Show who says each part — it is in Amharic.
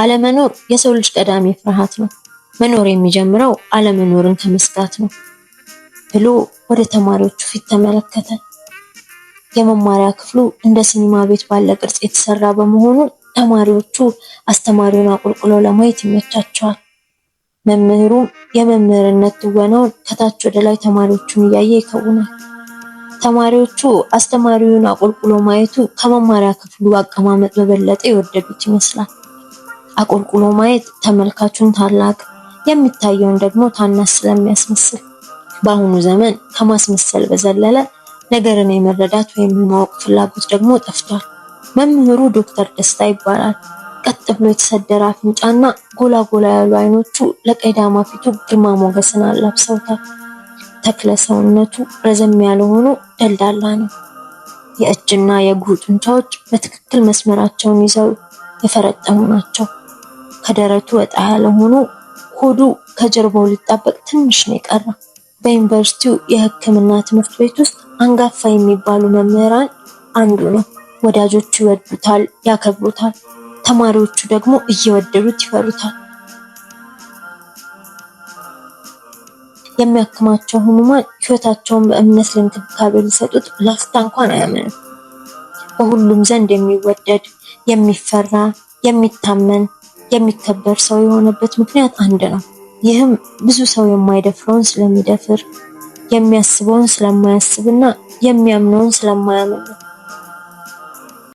Speaker 1: አለመኖር የሰው ልጅ ቀዳሚ ፍርሃት ነው። መኖር የሚጀምረው አለመኖርን ከመስጋት ነው ብሎ ወደ ተማሪዎቹ ፊት ተመለከተ። የመማሪያ ክፍሉ እንደ ሲኒማ ቤት ባለ ቅርጽ የተሰራ በመሆኑ ተማሪዎቹ አስተማሪውን አቁልቁሎ ለማየት ይመቻቸዋል። መምህሩም የመምህርነት ትወናውን ከታች ወደ ላይ ተማሪዎቹን እያየ ይከውናል። ተማሪዎቹ አስተማሪውን አቁልቁሎ ማየቱ ከመማሪያ ክፍሉ አቀማመጥ በበለጠ የወደዱት ይመስላል። አቆልቁሎ ማየት ተመልካቹን ታላቅ የሚታየውን ደግሞ ታናሽ ስለሚያስመስል በአሁኑ ዘመን ከማስመሰል በዘለለ ነገርን የመረዳት ወይም የማወቅ ፍላጎት ደግሞ ጠፍቷል። መምህሩ ዶክተር ደስታ ይባላል። ቀጥ ብሎ የተሰደረ አፍንጫና ጎላ ጎላ ያሉ አይኖቹ ለቀዳማ ፊቱ ግርማ ሞገስን አላብሰውታል። ተክለ ሰውነቱ ረዘም ያለ ሆኖ ደልዳላ ነው። የእጅና የእግሩ ጡንቻዎች በትክክል መስመራቸውን ይዘው የፈረጠሙ ናቸው። ከደረቱ ወጣ ያለ ሆኖ ሆዱ ከጀርባው ሊጣበቅ ትንሽ ነው የቀረ። በዩኒቨርሲቲው የሕክምና ትምህርት ቤት ውስጥ አንጋፋ የሚባሉ መምህራን አንዱ ነው። ወዳጆቹ ይወዱታል፣ ያከብሩታል። ተማሪዎቹ ደግሞ እየወደዱት ይፈሩታል። የሚያክማቸው ህሙማን ህይወታቸውን በእምነት ለእንክብካቤ ሊሰጡት ላስታ እንኳን አያምንም። በሁሉም ዘንድ የሚወደድ የሚፈራ የሚታመን የሚከበር ሰው የሆነበት ምክንያት አንድ ነው። ይህም ብዙ ሰው የማይደፍረውን ስለሚደፍር፣ የሚያስበውን ስለማያስብና የሚያምነውን ስለማያምን ነው።